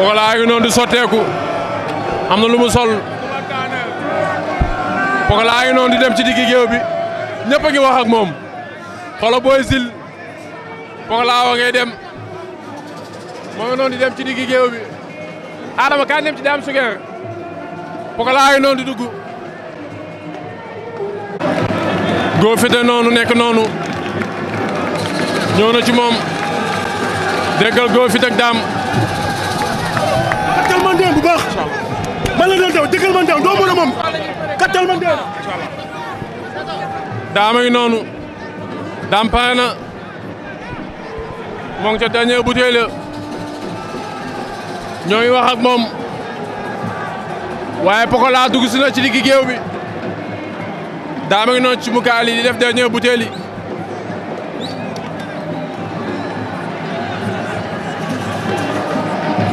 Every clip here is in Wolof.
Pokola a ngi noonu di sotteeku am na lu mu sol Pokola a ngi noonu di dem ci diggi géew bi ñëpp a ngi moom xolo booy sil Pokola wa ngay dem moo noonu di dem ci diggi géew bi Adama kan dem ci Dame Suger Pokola a ngi noonu di dugg góo noonu nekk noonu ñëw na ci moom déggal góo daam kattal ma ndéem bu baax. man la doon a moom kattal ma noonu. daam na. moo ngi ca dernier bouteille la. ñoo ngi wax ak moom. waaye Pokola dugg si ci diggi géew bi. daa may noonu ci mukaal yi di def dernier bouteille yi.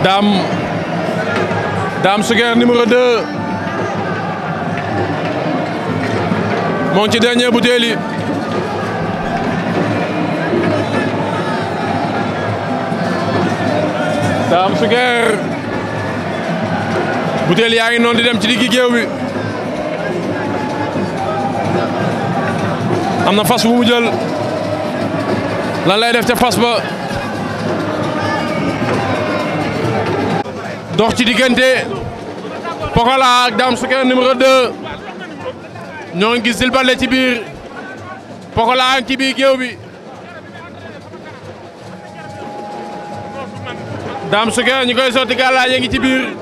daam. Dame Suguer numéro 2 moo ngi ci dernier butéel yi Dame yaa ngi noonu di dem ci diggi géew bi am na fas bu mu jël lan lay def ca fas ba. dox ci diggante Pokola ak Dame Souguére numéro 2 ñoo ngi gis Jules ci biir Pokola ak ci biir géew bi Dame Souguére ñu koy sotti gàllaaj ngi ci biir.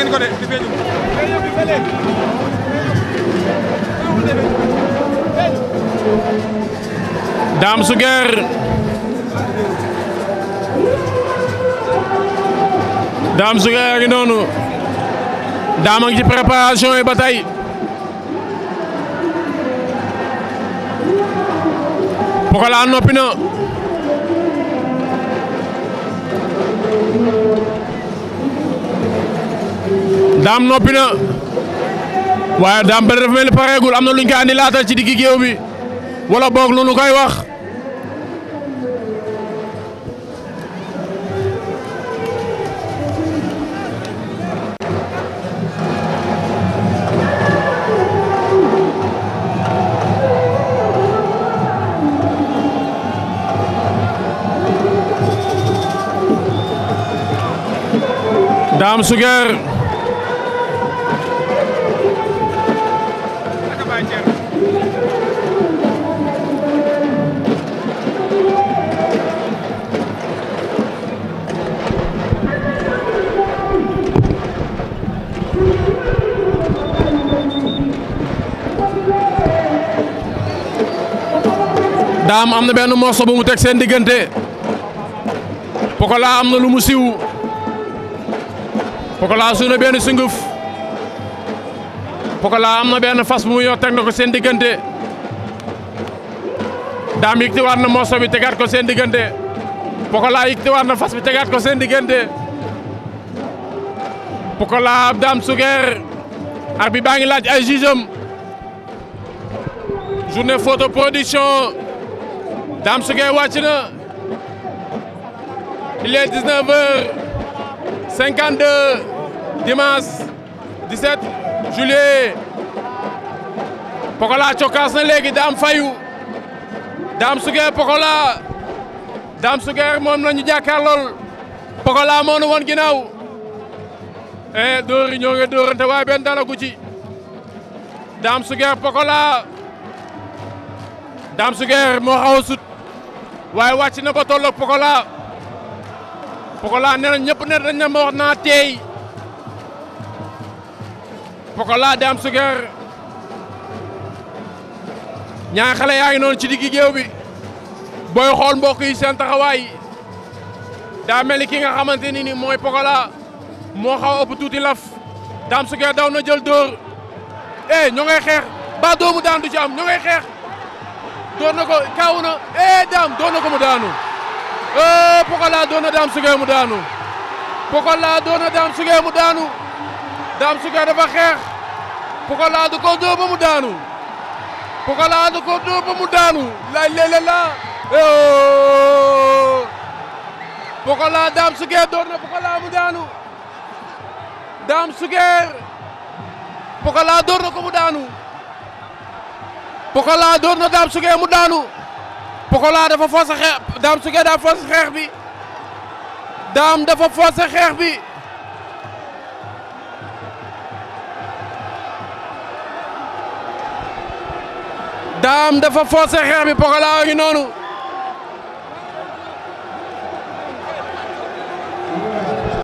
ngeen ko de di feeñu Dame Suguer Dame Suguer a ngi noonu Dame a ngi ci préparation yi ba tey Pokola noppi na daam noppi na waaye daam bëri dafa mel ni am na luñ ci diggi géew bi wala boog lu nu koy wax Dame daam am na benn morso bu mu teg seen diggante Pokola am na lu mu siw Pokola suuna benn sunguf Pokola am na benn fas bu mu yor na ko seen diggante daam yëkkatiwaat na mooso bi tegaat ko seen diggante Pokola yëkkatiwaat na fas bi tegaat ko seen diggante Pokola daam sugeer arbitre bi baa ngi laaj ay jugeem journée photo production Dame Su Gueye wàcc na il est 19h52 dimanche 17 Pokola cokkaas na léegi Dame fayu Dame Su Gueye Pokola Dame Su Gueye moom la ñu jàkkaarlool Pokola moo nu woon ginnaaw eh dóor ñoo ngi dóorante waaye benn dalagu ci Dame Su Gueye Pokola Dame Su moo xaw sut waaye wàcc na ko tolloog Pokola Pokola nee na ñëpp ne dañ ne ma wax naa teey Pokola Dame Souguer xale yaa ngi noonu ci diggi géew bi booy xool mbokk yi seen taxawaay daa mel ni ki nga xamante ni ni mooy Pokola moo xaw ëpp tuuti laf Dame Souguer daw na jël dóor eh ñoo ngay xeex ba doomu daan du ci am ñoo ngay xeex doon na ko kaaw na eh daam doon na ko mu daanu eh Pokola doon na daam Sugee mu daanu Pokola doon na daam Sugee mu daanu daam Sugee dafa xeex Pokola du ko dóor ba mu daanu Pokola du ko dóor ba mu daanu lay lele la eh Pokola daam Sugee doon na Pokola mu daanu daam Sugee Pokola doon na ko mu daanu. Pokola door na Dame Sougué mu daanu Pokola dafa forcer xeex Dame xeex bi Dame dafa forcer xeex bi Dame dafa ngi noonu